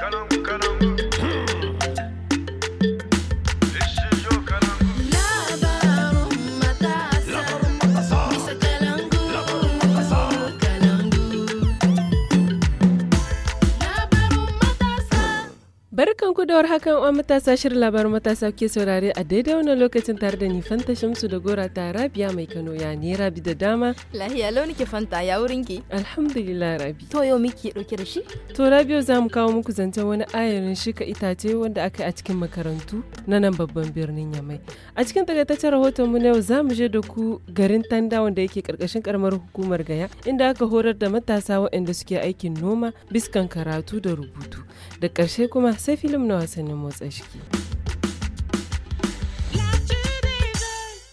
Caramba, caramba. barkan ku da hakan wa matasa shirin labarin matasa ke saurare a daidai wannan lokacin tare da ni fanta shamsu da gora ta rabiya mai kano ya ne rabi da dama lahiya launi ke fanta ya wurin ki alhamdulillah rabi to yau miki dauke da shi to rabi za mu kawo muku zancen wani ayarin shika itace wanda aka yi a cikin makarantu na nan babban birnin yamai a cikin takaitaccen rahoton mu na yau za mu je da ku garin tanda wanda yake karkashin karamar hukumar gaya inda aka horar da matasa waɗanda suke aikin noma biskan karatu da rubutu da ƙarshe kuma sai filin shirin na wasannin motsa jiki.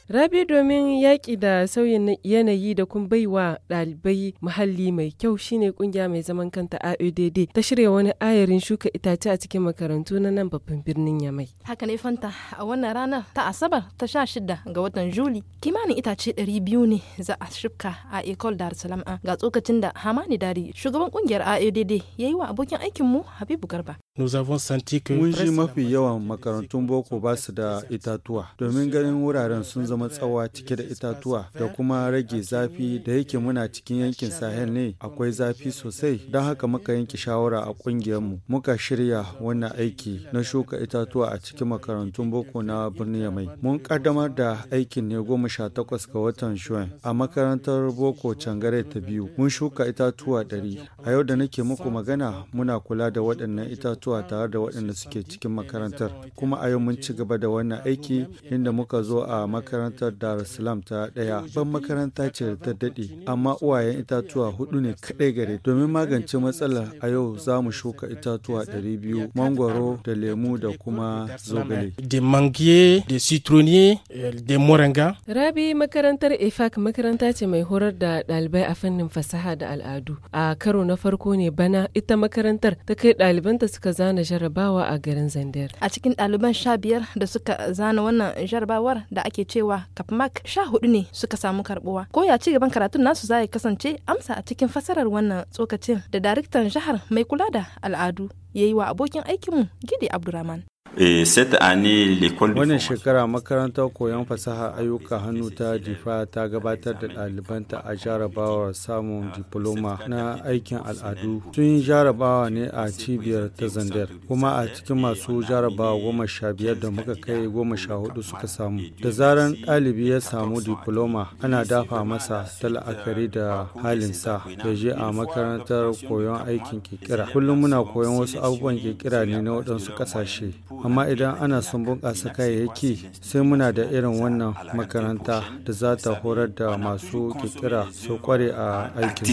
Rabi domin yaƙi da sauyin yanayi da kun baiwa ɗalibai muhalli mai kyau shine ƙungiya mai zaman kanta AODD ta shirya wani ayarin shuka itace a cikin makarantu na nan babban birnin Yamai. Haka ne fanta a wannan ranar ta Asabar ta sha shida ga watan Juli. Kimanin itace ɗari biyu ne za a shuka a Ecole Dar Salam ga tsokacin da Hamani Dari shugaban kungiyar AODD ya yi wa abokin aikinmu Habibu Garba. mun ji mafi yawan makarantun boko ba su da itatuwa domin ganin wuraren sun zama tsawa cike da itatuwa da kuma rage zafi da yake muna cikin yankin sahel ne akwai zafi sosai don haka muka yanke shawara a ƙungiyarmu, muka shirya wannan aiki na shuka itatuwa a cikin makarantun boko na birnin yamai mun kaddamar da aikin ne goma sha takwas ga watan shuwan a makarantar boko cangare ta biyu mun shuka itatuwa ɗari a yau da nake muku magana muna kula da waɗannan itatuwa mutuwa tare da waɗanda suke cikin makarantar kuma a yau mun ci gaba da wannan aiki inda muka zo a makarantar dar es ta ɗaya ban makaranta ce da ta daɗe amma uwayen itatuwa hudu ne kaɗai gare domin magance matsalar a yau za mu shuka itatuwa ɗari biyu mangwaro da lemu da kuma zogale. De mangier, de citronnier, euh, de moringa. Rabi makarantar efak makaranta ce mai horar da ɗalibai a fannin fasaha da al'adu. A karo na farko ne bana ita makarantar ta kai ɗalibanta suka zana jarabawa a garin Zandar. A cikin ɗaliban sha biyar da suka zana wannan jarabawar da ake cewa kapmak sha hudu ne suka samu karbuwa. Ko ya ci gaban karatun nasu za ya kasance amsa a cikin fasarar wannan tsokacin da daraktan jihar mai kula da al'adu ya yi wa abokin aikinmu Gidi Abdurrahman. Eh, Wannan shekara makarantar koyon fasaha ayyuka hannu ta jifa ta gabatar da ɗalibanta a jarabawa samun diploma na aikin al'adu. tun yi jarabawa ne a cibiyar ta Zandar, kuma a cikin masu jarabawa goma sha biyar da muka kai goma sha hudu suka samu. Da zaran ɗalibi ya samu diploma ana dafa masa ta la'akari da halinsa da je a makarantar koyon aikin kikira. Kullum muna koyon wasu abubuwan kikira ne na waɗansu ƙasashe. amma idan ana son bunƙasa kayayyaki sai muna da irin wannan makaranta da za ta horar da masu kirkira su kware a aikin.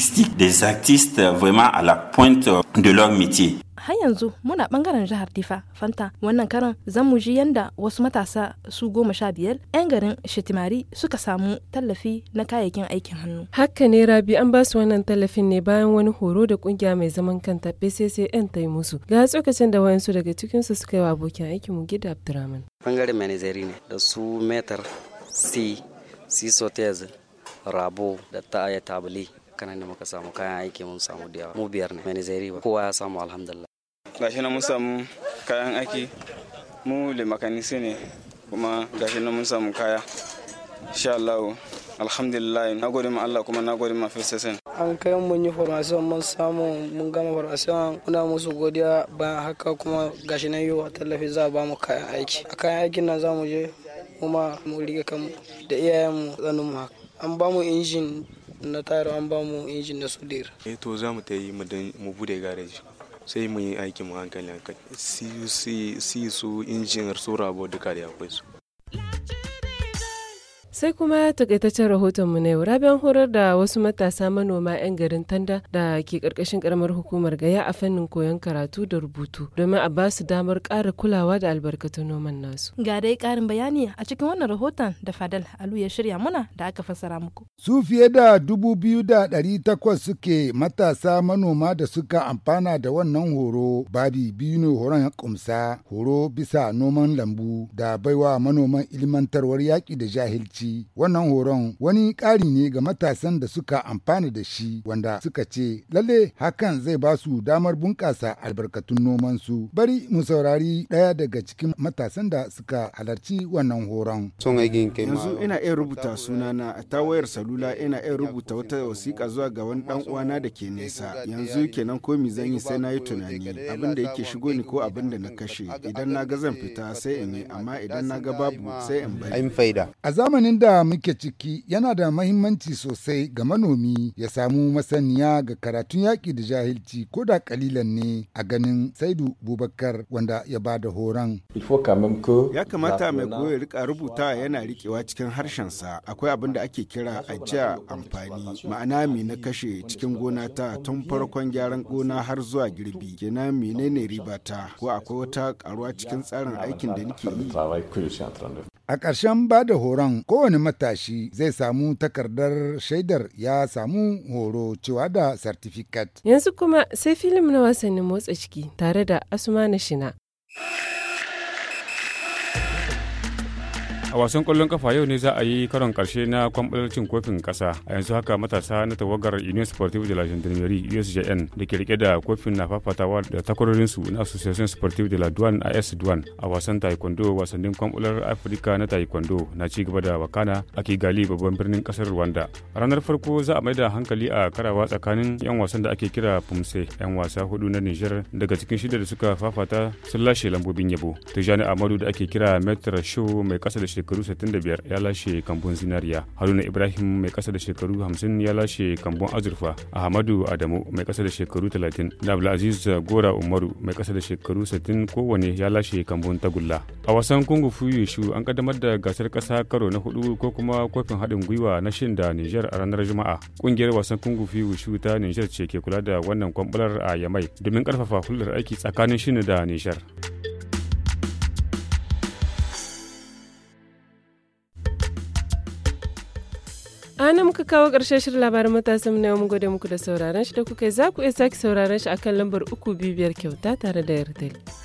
har yanzu muna bangaren jihar Difa Fanta wannan karan zan mu ji yanda wasu matasa su goma sha biyar 'yan garin Shetimari suka samu tallafi na kayayyakin aikin hannu. Haka ne Rabi an ba su wannan tallafin ne bayan wani horo da kungiya mai zaman kanta PCCN ta yi musu. Ga tsokacin da wayansu daga cikinsu suka yi wa abokin aikin mu Gida Abdurrahman. Bangaren manajeri ne da su metar C C Sotez Rabo da ta aya tabali kanan da muka samu kayan aiki mun samu da yawa mu biyar ne manazari kowa ya samu alhamdulillah gashi na mun samu kayan aiki mu limakanisi ne kuma gashi na mun samu kaya insha Allah alhamdulillah na gode ma Allah kuma na gode ma fesesen an kai mun yi formation mun samu mun gama formation Kuna musu godiya bayan haka kuma gashi na yi wa tallafi za ba mu kayan aiki a kayan aikin nan za mu je kuma mu rike kanmu da iyayenmu tsanin mu haka an ba mu injin na tayar an ba mu injin na sudir eh to za mu ta yi mu bude gareji sai mu yi aikin mu hankali hankali si su injin su rabo duka da akwai su Sai kuma takaitaccen rahotonmu na yau rabin horar da wasu matasa manoma 'yan garin Tanda da ke karkashin karamar hukumar gaya a fannin koyon karatu da rubutu domin a ba su damar ƙara kulawa da albarkatun noman nasu. Ga dai karin bayani a cikin wannan rahoton da Fadal Alu ya shirya muna da aka fassara muku. Su fiye da dubu biyu da ɗari takwas suke matasa manoma da suka amfana da wannan horo babi biyu ne horon kumsa horo bisa noman lambu da baiwa manoman ilmantarwar yaƙi da jahilci wannan horon wani ƙari ne ga matasan da suka amfana da shi wanda suka ce lalle hakan zai ba su damar bunƙasa albarkatun nomansu bari mu saurari ɗaya daga cikin matasan da suka halarci wannan horon. yanzu ina iya rubuta sunana a tawayar salula ina iya rubuta wata wasiƙa zuwa ga wani ɗan uwana da ke nesa yanzu kenan ko mi zan yi sai na yi tunani abin da yake shigo ni ko abin da na kashe idan na ga zan fita sai in yi amma idan na ga babu sai in bari. a zamanin yanayin da muke ciki yana da mahimmanci sosai ga manomi ya samu masaniya ga karatun yaƙi da jahilci ko da kalilan ne a ganin Saidu Bubakar wanda ya ba da horon. Ya kamata mai koya rika rubuta yana rikewa cikin harshensa akwai abin da ake kira ajiya amfani ma'ana me na kashe cikin gona ta tun farkon gyaran gona har zuwa girbi kenan menene ribata ko akwai wata karuwa cikin tsarin aikin da nake yi. A ƙarshen ba da horon kowane matashi zai samu takardar shaidar ya samu horo cewa da certificate. Yanzu kuma sai filim na wasanni motsa ciki tare da Asuma na Shina. a wasan kwallon kafa yau ne za a yi karon karshe na kwamɓalar kofin ƙasa a yanzu haka matasa na tawagar union sportive de la gendarmerie usjn da ke rike da kofin na fafatawa da takwarorinsu na association sportive de la douane s douane a wasan taekwondo wasannin kwamɓalar afirka na taekwondo na ci gaba da wakana a kigali babban birnin ƙasar rwanda ranar farko za a mai da hankali a karawa tsakanin 'yan wasan da ake kira pumse 'yan wasa hudu na niger daga cikin shida da suka fafata sun lashe lambobin yabo tijani amadu da ake kira metra show mai ƙasa da shekaru 65 ya lashe kambun zinariya haruna ibrahim mai kasa da shekaru 50 ya lashe kambun azurfa ahmadu adamu mai kasa da shekaru 30 da abdulaziz gora umaru mai kasa da shekaru 60 kowane ya lashe kambun tagulla a wasan kungu fuyushu an kaddamar da gasar kasa karo na hudu ko kuma kofin haɗin gwiwa na shin da niger a ranar juma'a kungiyar wasan kungu fuyushu ta niger ce ke kula da wannan kwambular a yamai domin karfafa hulɗar aiki tsakanin shin da niger a muka kawo ƙarshen shirin labarin matasan na yau mun gode muku da sauraron shi da kuka yi za ku iya sake sauraron shi akan lambar uku biyar kyauta tare da yartali.